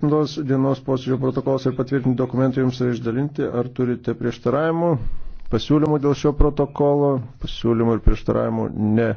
Šios dienos posėdžio protokolas ir patvirtinti dokumentai jums yra išdalinti. Ar turite prieštaravimų, pasiūlymų dėl šio protokolo? Pasiūlymų ir prieštaravimų ne.